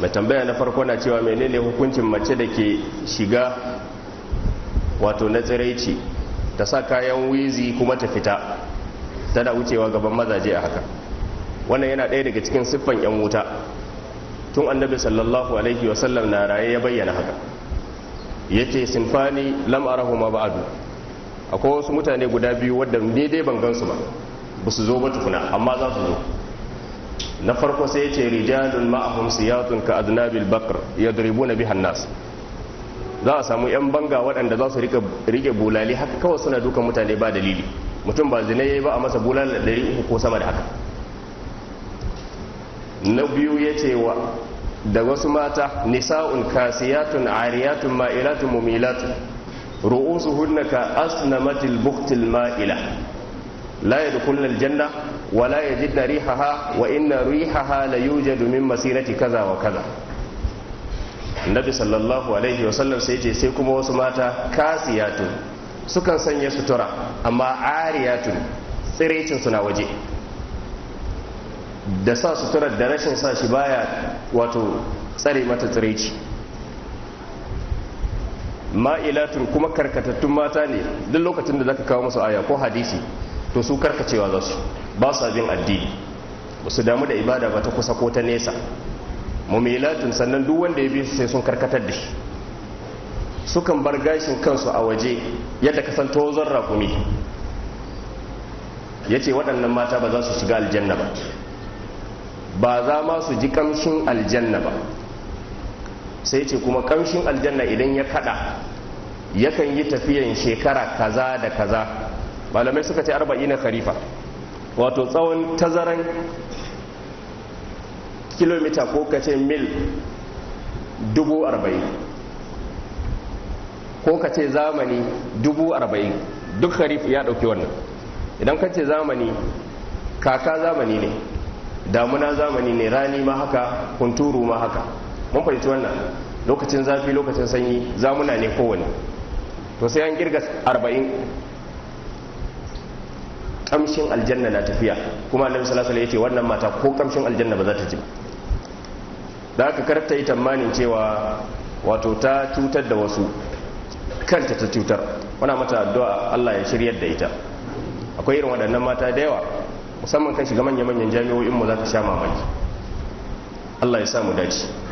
mai tambaya na farko na cewa menene hukuncin mace da ke shiga wato na tsiraici ta sa kayan wizi kuma ta fita tana wucewa gaban mazaje a haka wannan yana ɗaya daga cikin siffan 'yan wuta tun annabi sallallahu alaihi wasallam na raye ya bayyana haka ya ce sinfani lam arahuma ba'adu akwai wasu mutane guda biyu wadda ne dai ban gansu ba ba su zo ba tukuna amma za su zo na farko sai ya ce rijalun ma'ahun siyatun ka adnabil bakr na biha nas za a samu yan banga waɗanda za su rike bulali haka kawai suna dukan mutane ba dalili mutum ba zina yi ba a masa bulal da ɗari uku ko sama da haka na biyu ya ce wa da wasu mata nisa'un kasiyatun ariyatun ma'ilatun mumilatun hunna ka asnamatil buktil ma'ila la yadkhulna aljanna wa la yajidna rihaha wa inna rihaha la yujadu min masirati kaza wa kaza annabi sallallahu alaihi wa sallam sai ce sai kuma wasu mata kasiyatu sukan sanya sutura amma ariyatu tsirecin suna waje da sa suturar da rashin sa shi baya wato tsare mata tsireci ma'ilatun kuma karkatattun mata ne duk lokacin da zaka kawo masu aya ko hadisi to su karkacewa za su ba su abin addini ba su damu da ibada ba ta kusa ko ta nesa mumilatun sannan duk wanda ya bi su sai sun karkatar da shi sukan bar gashin kansu a waje yadda kasan tozon rakumi ya ce waɗannan mata ba za su shiga aljanna ba ba za ma su ji ƙamshin aljanna ba sai ce kuma kamshin aljanna idan ya kaɗa yakan yi tafiyan shekara kaza da kaza malamai suka ce na kharifa wato tsawon tazaran kilomita ko kace mil dubu arba'in ko kace zamani dubu arba'in duk kharifa ya ɗauki wannan idan kace zamani kaka zamani ne damuna zamani ne rani ma haka kunturu ma haka mun fahimci wannan lokacin zafi lokacin sanyi zamuna ne kowane to sai an girga kamshin aljanna na tafiya kuma annabi sallallahu alaihi wasallam wannan mata ko kamshin aljanna ba za ta ji ba da haka kar ta yi tamanin cewa wato ta cutar da wasu kanta ta cutar wana mata addu'a Allah ya shiryar da ita akwai irin waɗannan mata da yawa musamman kan shiga manya-manyan jami'o'in mu za ka sha mamaki Allah ya sa mu dace